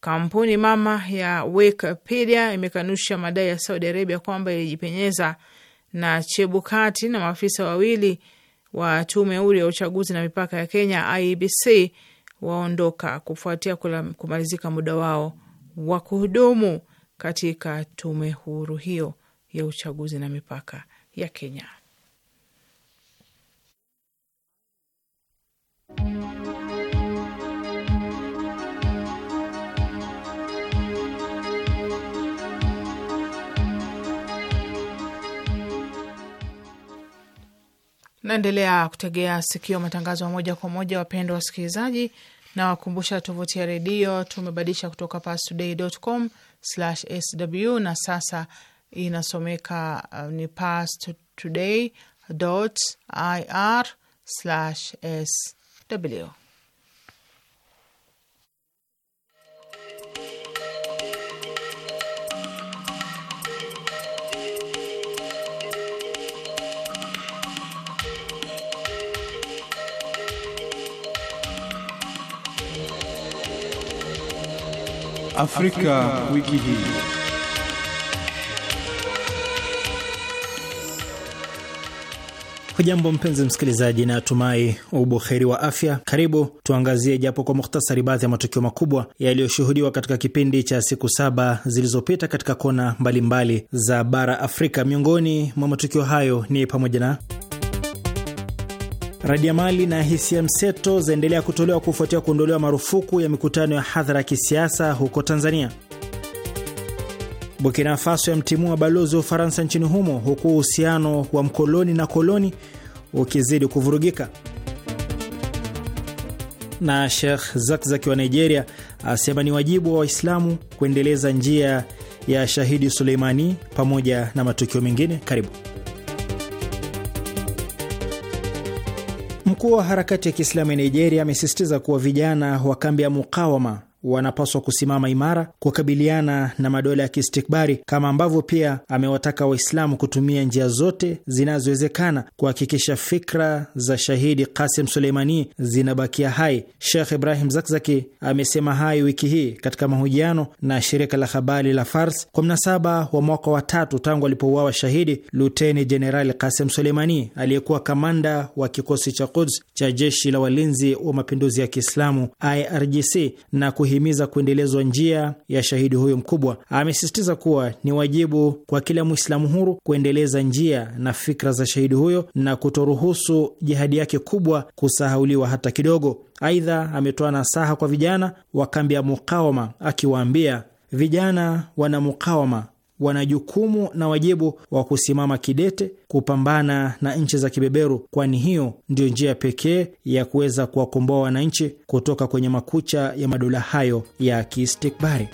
Kampuni mama ya Wikipedia imekanusha madai ya Saudi Arabia kwamba ilijipenyeza, na Chebukati na maafisa wawili wa tume huru ya uchaguzi na mipaka ya Kenya IEBC waondoka kufuatia kumalizika muda wao wa kuhudumu katika tume huru hiyo ya uchaguzi na mipaka ya Kenya. Naendelea kutegea sikio matangazo ya moja kwa moja, wapendwa wasikilizaji, na wakumbusha tovuti ya redio tumebadilisha kutoka pastoday.com sw na sasa inasomeka uh, ni pastoday ir sw Afrika, wiki hii. Hujambo mpenzi msikilizaji, na atumai ubuheri wa afya. Karibu tuangazie japo kwa muhtasari baadhi ya matukio makubwa yaliyoshuhudiwa katika kipindi cha siku saba zilizopita katika kona mbalimbali mbali za bara Afrika. Miongoni mwa matukio hayo ni pamoja na mali na hisia mseto zaendelea kutolewa kufuatia kuondolewa marufuku ya mikutano ya hadhara ya kisiasa huko Tanzania. Burkina Faso yamtimua balozi wa Ufaransa nchini humo, huku uhusiano wa mkoloni na koloni ukizidi kuvurugika. Na Sheikh Zakzaki wa Nigeria asema ni wajibu wa Waislamu kuendeleza njia ya Shahidi Suleimani pamoja na matukio mengine. Karibu. Mkuu wa harakati ya Kiislamu ya Nigeria amesisitiza kuwa vijana wa kambi ya mukawama wanapaswa kusimama imara kukabiliana na madola ya kiistikbari, kama ambavyo pia amewataka Waislamu kutumia njia zote zinazowezekana kuhakikisha fikra za shahidi kasim Suleimani zinabakia hai. shekh Ibrahim Zakzaki amesema hayo wiki hii katika mahojiano na shirika la habari la Fars kwa mnasaba wa mwaka wa tatu tangu alipouawa shahidi Luteni Jenerali kasim Suleimani aliyekuwa kamanda wa kikosi cha Quds cha jeshi la walinzi wa mapinduzi ya Kiislamu IRGC na kuhi kuhimiza kuendelezwa njia ya shahidi huyo mkubwa. Amesisitiza kuwa ni wajibu kwa kila Mwislamu huru kuendeleza njia na fikra za shahidi huyo na kutoruhusu jihadi yake kubwa kusahauliwa hata kidogo. Aidha, ametoa nasaha kwa vijana wa kambi ya Mukawama akiwaambia vijana wana mukawama wana jukumu na wajibu wa kusimama kidete kupambana na nchi za kibeberu, kwani hiyo ndiyo njia pekee ya kuweza kuwakomboa wananchi kutoka kwenye makucha ya madola hayo ya kiistikbari.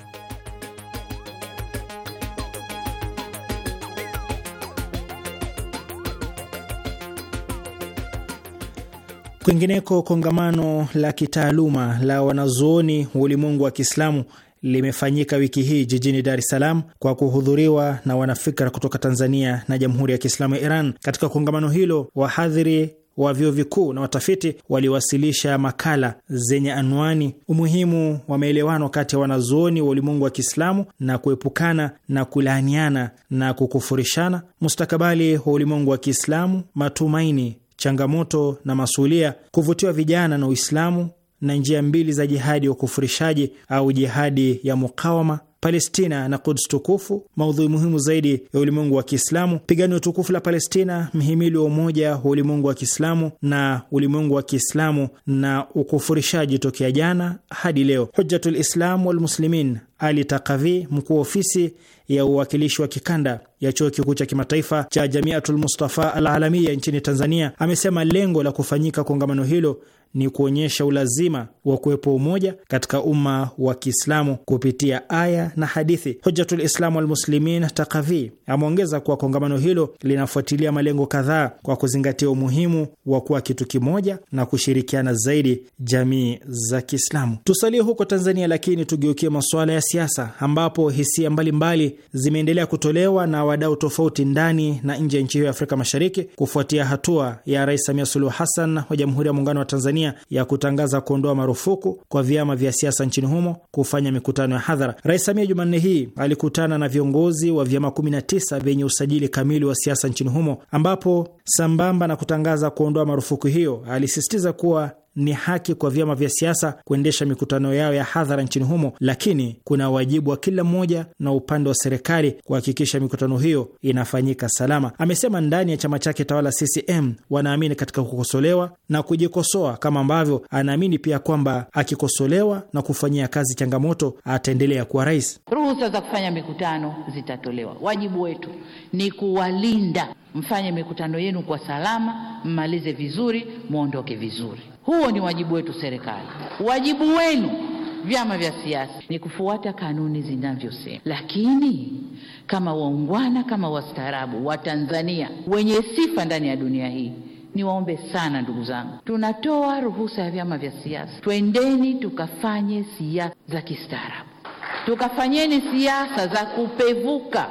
Kwingineko, kongamano la kitaaluma la wanazuoni wa ulimwengu wa Kiislamu limefanyika wiki hii jijini Dar es Salaam kwa kuhudhuriwa na wanafikra kutoka Tanzania na Jamhuri ya Kiislamu ya Iran. Katika kongamano hilo, wahadhiri wa vyuo vikuu na watafiti waliwasilisha makala zenye anwani umuhimu wa maelewano kati ya wanazuoni wa ulimwengu wa Kiislamu na kuepukana na kulaaniana na kukufurishana, mustakabali wa ulimwengu wa Kiislamu, matumaini, changamoto na masuulia, kuvutiwa vijana na Uislamu na njia mbili za jihadi ya ukufurishaji au jihadi ya mukawama, Palestina na Kuds tukufu, maudhui muhimu zaidi ya ulimwengu wa Kiislamu, piganio tukufu la Palestina, mhimili wa umoja wa ulimwengu wa Kiislamu na ulimwengu wa Kiislamu na ukufurishaji tokea jana hadi leo. Hujjatul Islam Walmuslimin Ali Takavi, mkuu wa ofisi ya uwakilishi wa kikanda ya chuo kikuu cha kimataifa cha Jamiatul Mustafa Al nchini Tanzania, amesema lengo la kufanyika kongamano hilo ni kuonyesha ulazima wa kuwepo umoja katika umma wa Kiislamu kupitia aya na hadithi. Hujjatul Islamu Walmuslimin Takavi ameongeza kuwa kongamano hilo linafuatilia malengo kadhaa kwa kuzingatia umuhimu wa kuwa kitu kimoja na kushirikiana zaidi jamii za Kiislamu. Tusalie huko Tanzania, lakini tugeukie masuala ya siasa, ambapo hisia mbalimbali zimeendelea kutolewa na wadau tofauti ndani na nje ya nchi hiyo ya Afrika Mashariki kufuatia hatua ya Rais Samia Suluhu Hassan wa Jamhuri ya Muungano wa Tanzania Tanzania ya kutangaza kuondoa marufuku kwa vyama vya siasa nchini humo kufanya mikutano ya hadhara. Rais Samia Jumanne hii alikutana na viongozi wa vyama 19 vyenye usajili kamili wa siasa nchini humo, ambapo sambamba na kutangaza kuondoa marufuku hiyo, alisisitiza kuwa ni haki kwa vyama vya siasa kuendesha mikutano yao ya hadhara nchini humo, lakini kuna wajibu wa kila mmoja na upande wa serikali kuhakikisha mikutano hiyo inafanyika salama, amesema. Ndani ya chama chake tawala CCM wanaamini katika kukosolewa na kujikosoa, kama ambavyo anaamini pia kwamba akikosolewa na kufanyia kazi changamoto ataendelea kuwa rais. Ruhusa za kufanya mikutano zitatolewa. Wajibu wetu ni kuwalinda mfanye mikutano yenu kwa salama, mmalize vizuri, mwondoke vizuri. Huo ni wajibu wetu serikali. Wajibu wenu vyama vya siasa ni kufuata kanuni zinavyosema, lakini kama waungwana, kama wastaarabu wa Tanzania wenye sifa ndani ya dunia hii Niwaombe sana ndugu zangu, tunatoa ruhusa ya vyama vya siasa, twendeni tukafanye siasa za kistaarabu, tukafanyeni siasa za kupevuka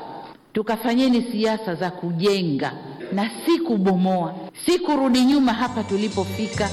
tukafanyeni siasa za kujenga na si kubomoa, si kurudi nyuma hapa tulipofika.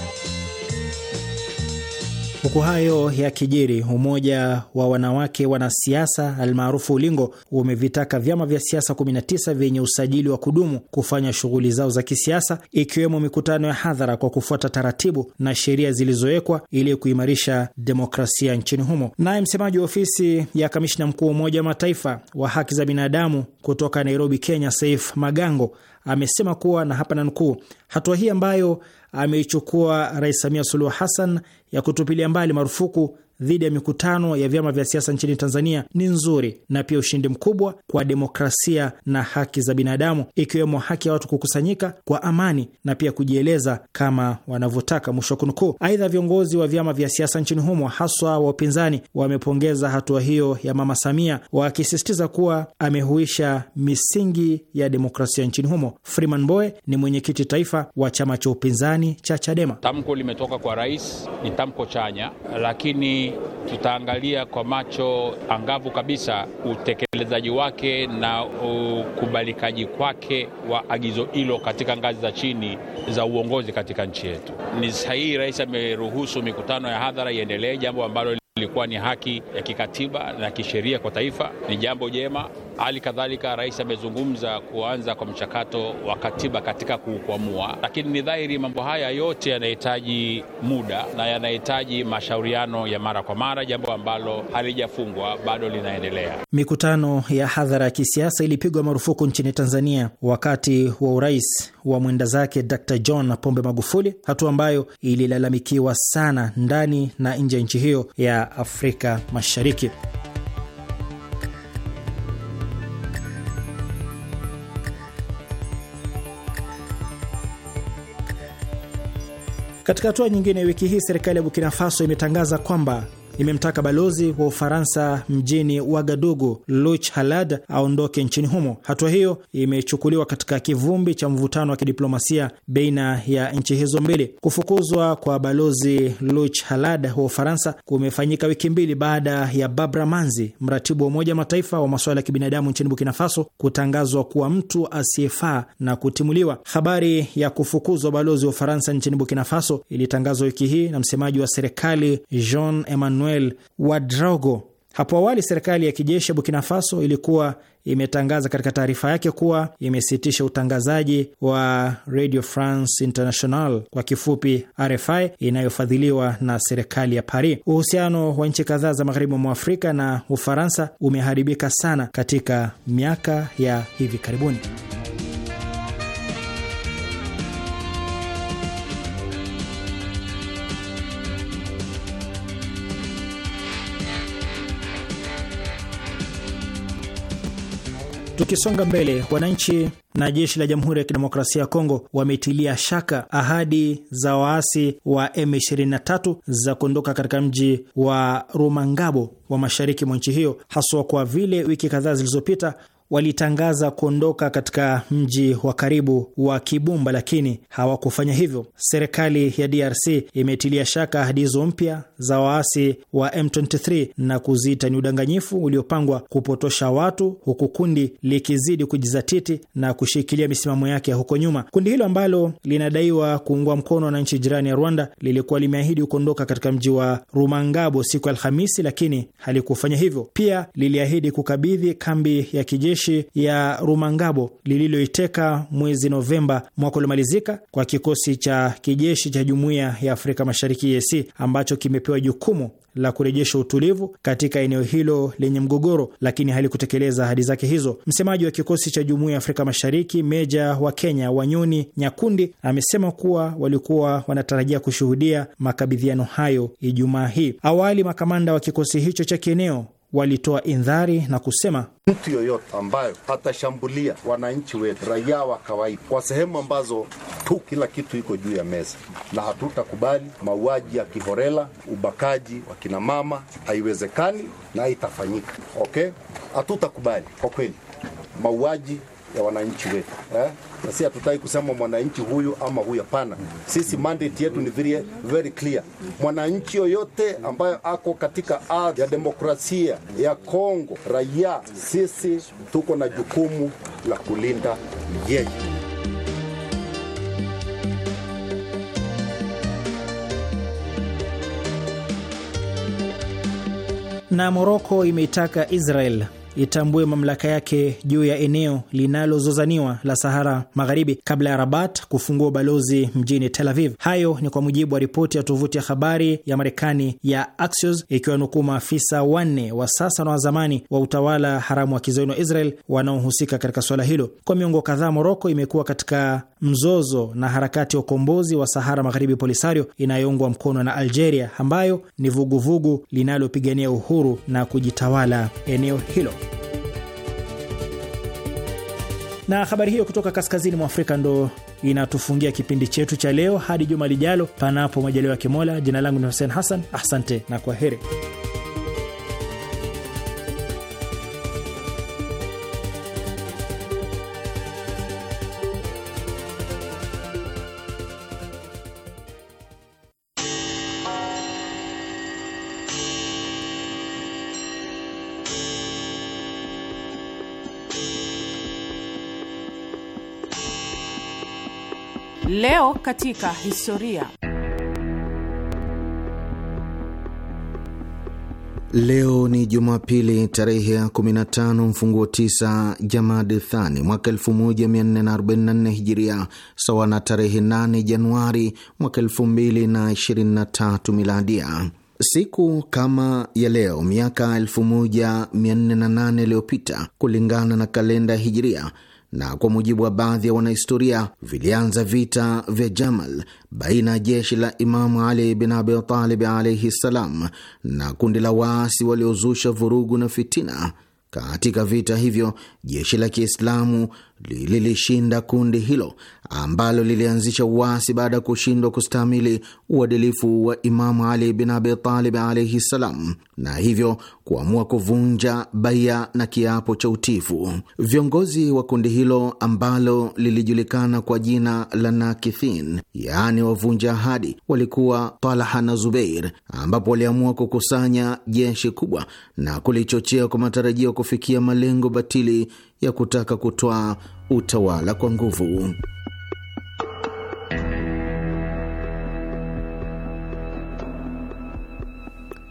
Huku hayo ya kijiri, umoja wa wanawake wanasiasa almaarufu Ulingo umevitaka vyama vya siasa 19 vyenye usajili wa kudumu kufanya shughuli zao za kisiasa, ikiwemo mikutano ya hadhara kwa kufuata taratibu na sheria zilizowekwa ili kuimarisha demokrasia nchini humo. Naye msemaji wa ofisi ya kamishna mkuu wa Umoja wa Mataifa wa haki za binadamu kutoka Nairobi, Kenya, Saif Magango amesema kuwa na hapa nanukuu, hatua hii ambayo ameichukua Rais Samia Suluhu Hassan ya kutupilia mbali marufuku dhidi ya mikutano ya vyama vya siasa nchini Tanzania ni nzuri na pia ushindi mkubwa kwa demokrasia na haki za binadamu, ikiwemo haki ya watu kukusanyika kwa amani na pia kujieleza kama wanavyotaka, mwisho wa kunukuu. Aidha, viongozi wa vyama vya siasa nchini humo haswa wa upinzani wamepongeza hatua hiyo ya Mama Samia, wakisisitiza kuwa amehuisha misingi ya demokrasia nchini humo. Freeman Mbowe ni mwenyekiti taifa wa chama cha upinzani cha Chadema. Tamko limetoka kwa rais, ni tamko chanya, lakini tutaangalia kwa macho angavu kabisa utekelezaji wake na ukubalikaji kwake wa agizo hilo katika ngazi za chini za uongozi katika nchi yetu. Ni sahihi, rais ameruhusu mikutano ya hadhara iendelee, jambo ambalo lilikuwa ni haki ya kikatiba na kisheria kwa taifa, ni jambo jema. Hali kadhalika rais amezungumza kuanza kwa mchakato wa katiba katika kuukwamua, lakini ni dhahiri mambo haya yote yanahitaji muda na yanahitaji mashauriano ya mara kwa mara, jambo ambalo halijafungwa bado linaendelea. Mikutano ya hadhara ya kisiasa ilipigwa marufuku nchini Tanzania wakati wa urais wa mwenda zake Dr John Pombe Magufuli, hatua ambayo ililalamikiwa sana ndani na nje ya nchi hiyo ya Afrika Mashariki. Katika hatua nyingine, wiki hii serikali ya Burkina Faso imetangaza kwamba imemtaka balozi wa Ufaransa mjini Wagadugu Luch Halad aondoke nchini humo. Hatua hiyo imechukuliwa katika kivumbi cha mvutano wa kidiplomasia baina ya nchi hizo mbili. Kufukuzwa kwa balozi Luch Halad wa Ufaransa kumefanyika wiki mbili baada ya Babra Manzi, mratibu wa Umoja Mataifa wa masuala ya kibinadamu nchini Burkina Faso, kutangazwa kuwa mtu asiyefaa na kutimuliwa. Habari ya kufukuzwa balozi wa Ufaransa nchini Burkina Faso ilitangazwa wiki hii na msemaji wa serikali Jean Emmanuel Emmanuel Wadrogo. Hapo awali serikali ya kijeshi ya Burkina Faso ilikuwa imetangaza katika taarifa yake kuwa imesitisha utangazaji wa Radio France International kwa kifupi RFI inayofadhiliwa na serikali ya Paris. Uhusiano wa nchi kadhaa za magharibi mwa Afrika na Ufaransa umeharibika sana katika miaka ya hivi karibuni. Tukisonga mbele, wananchi na jeshi la Jamhuri ya Kidemokrasia ya Kongo wametilia shaka ahadi za waasi wa M23 za kuondoka katika mji wa Rumangabo wa mashariki mwa nchi hiyo, haswa kwa vile wiki kadhaa zilizopita walitangaza kuondoka katika mji wa karibu wa Kibumba, lakini hawakufanya hivyo. Serikali ya DRC imetilia shaka ahadi hizo mpya za waasi wa M23 na kuziita ni udanganyifu uliopangwa kupotosha watu, huku kundi likizidi kujizatiti na kushikilia misimamo yake ya huko nyuma. Kundi hilo ambalo linadaiwa kuungwa mkono na nchi jirani ya Rwanda lilikuwa limeahidi kuondoka katika mji wa Rumangabo siku ya Alhamisi, lakini halikufanya hivyo. Pia liliahidi kukabidhi kambi ya kijeshi majeshi ya Rumangabo lililoiteka mwezi Novemba mwaka uliomalizika kwa kikosi cha kijeshi cha Jumuiya ya Afrika Mashariki EAC ambacho kimepewa jukumu la kurejesha utulivu katika eneo hilo lenye mgogoro, lakini halikutekeleza ahadi zake hizo. Msemaji wa kikosi cha Jumuiya ya Afrika Mashariki, meja wa Kenya Wanyoni Nyakundi, amesema kuwa walikuwa wanatarajia kushuhudia makabidhiano hayo Ijumaa hii. Awali makamanda wa kikosi hicho cha kieneo walitoa indhari na kusema, mtu yoyote ambayo atashambulia wananchi wetu, raia wa kawaida, kwa sehemu ambazo tu kila kitu iko juu ya meza, na hatutakubali mauaji ya kihorela, ubakaji wa kinamama, haiwezekani na itafanyika Okay, hatutakubali kwa kweli mauaji ya wananchi wetu eh? Na si hatutaki kusema mwananchi huyu ama huyu, hapana. Sisi mandate yetu ni very, very clear. Mwananchi yoyote ambayo ako katika ardhi ya demokrasia ya Kongo, raia, sisi tuko na jukumu la kulinda yeye. Na Moroko imeitaka Israel itambue mamlaka yake juu ya eneo linalozozaniwa la Sahara Magharibi kabla ya Rabat kufungua ubalozi mjini Tel Aviv. Hayo ni kwa mujibu wa ripoti ya tovuti ya habari ya Marekani ya Axios, ikiwa nukuu maafisa wanne wa sasa na wa zamani wa utawala haramu wa kizayuni wa Israel wanaohusika katika suala hilo. Kwa miongo kadhaa, Moroko imekuwa katika mzozo na harakati ya ukombozi wa Sahara Magharibi Polisario inayoungwa mkono na Algeria, ambayo ni vuguvugu linalopigania uhuru na kujitawala eneo hilo. Na habari hiyo kutoka kaskazini mwa Afrika ndo inatufungia kipindi chetu cha leo. Hadi juma lijalo, panapo majaliwa ya Kimola. Jina langu ni Hussein Hassan, asante na kwa heri. Leo katika historia. Leo ni Jumapili tarehe ya 15 mfunguo 9 Jamadi Thani mwaka 1444 Hijiria, sawa na tarehe 8 Januari mwaka 2023 Miladia. Siku kama ya leo miaka 1408 iliyopita kulingana na kalenda Hijiria na kwa mujibu wa baadhi ya wanahistoria vilianza vita vya Jamal baina ya jeshi la Imamu Ali bin Abi Talib alaihi ssalam na kundi la waasi waliozusha vurugu na fitina. Katika vita hivyo jeshi la Kiislamu lililishinda kundi hilo ambalo lilianzisha uasi baada ya kushindwa kustamili uadilifu wa Imamu Ali bin Abi Talib alaihi ssalam, na hivyo kuamua kuvunja baia na kiapo cha utifu. Viongozi wa kundi hilo ambalo lilijulikana kwa jina la Nakithin, yaani wavunja ahadi, walikuwa Talha na Zubeir, ambapo waliamua kukusanya jeshi kubwa na kulichochea kwa matarajio ya kufikia malengo batili ya kutaka kutoa utawala kwa nguvu.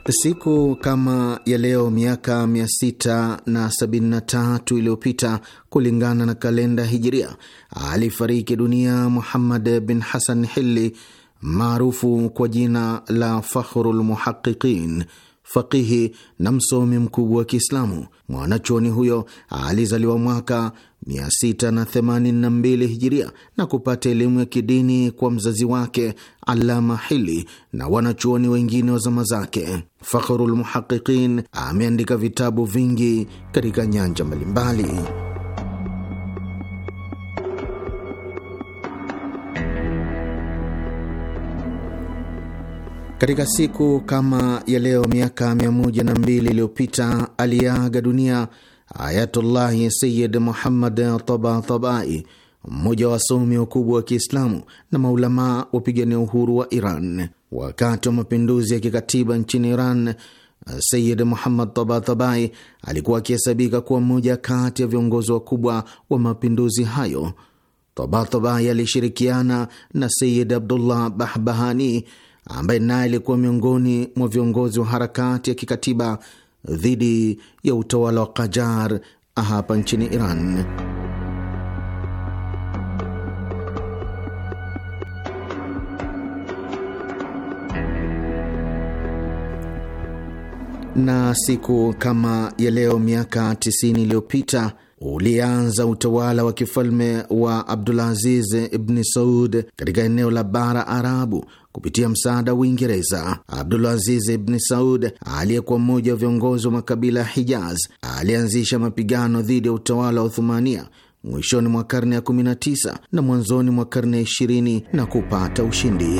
Siku kama ya leo miaka 673 iliyopita kulingana na kalenda Hijiria, alifariki dunia Muhammad bin Hasan Hilli maarufu kwa jina la Fakhrul Muhaqiqin, fakihi na msomi mkubwa wa Kiislamu. Mwanachuoni huyo alizaliwa mwaka 682 hijiria na kupata elimu ya kidini kwa mzazi wake Alama Hili na wanachuoni wengine wa zama zake. Fakhrul Muhaqiqin ameandika vitabu vingi katika nyanja mbalimbali. Katika siku kama ya leo miaka 102 iliyopita aliaga dunia Ayatullahi Sayid Muhammad Tabatabai, mmoja wa wasomi wakubwa wa Kiislamu na maulamaa wapigania uhuru wa Iran. Wakati wa mapinduzi ya kikatiba nchini Iran, Sayid Muhammad Tabatabai alikuwa akihesabika kuwa mmoja kati ya viongozi wakubwa wa mapinduzi hayo. Tabatabai alishirikiana na Sayid Abdullah Bahbahani ambaye naye alikuwa miongoni mwa viongozi wa harakati ya kikatiba dhidi ya utawala wa kajar hapa nchini Iran. Na siku kama ya leo miaka 90 iliyopita ulianza utawala wa kifalme wa Abdulaziz ibni Saud katika eneo la bara Arabu kupitia msaada wa Uingereza. Abdulaziz Ibni Saud aliyekuwa mmoja wa viongozi wa makabila ya Hijaz alianzisha mapigano dhidi ya utawala wa Uthumania mwishoni mwa karne ya 19 na mwanzoni mwa karne ya 20 na kupata ushindi.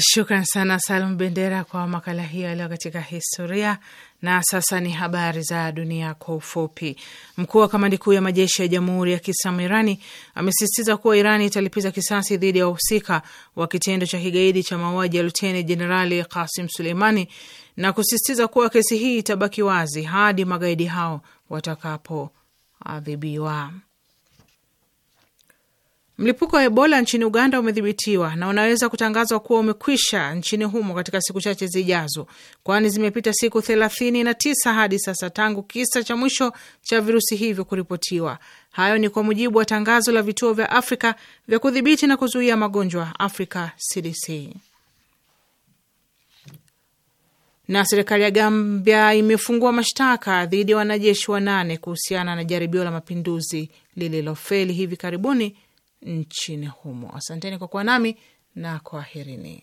Shukran sana Salum Bendera kwa makala hiyo yaliyo katika historia. Na sasa ni habari za dunia kwa ufupi. Mkuu wa kamandi kuu ya majeshi ya jamhuri ya Kiislamu Irani amesisitiza kuwa Irani italipiza kisasi dhidi ya wahusika wa kitendo cha kigaidi cha mauaji ya luteni jenerali Kasim Suleimani na kusisitiza kuwa kesi hii itabaki wazi hadi magaidi hao watakapoadhibiwa. Mlipuko wa Ebola nchini Uganda umedhibitiwa na unaweza kutangazwa kuwa umekwisha nchini humo katika siku chache zijazo, kwani zimepita siku thelathini na tisa hadi sasa tangu kisa cha mwisho cha virusi hivyo kuripotiwa. Hayo ni kwa mujibu wa tangazo la vituo vya Afrika vya kudhibiti na kuzuia magonjwa africa CDC. Na serikali ya Gambia imefungua mashtaka dhidi ya wanajeshi wanane kuhusiana na jaribio la mapinduzi lililofeli hivi karibuni nchini humo. Asanteni kwa kuwa nami na kwaherini.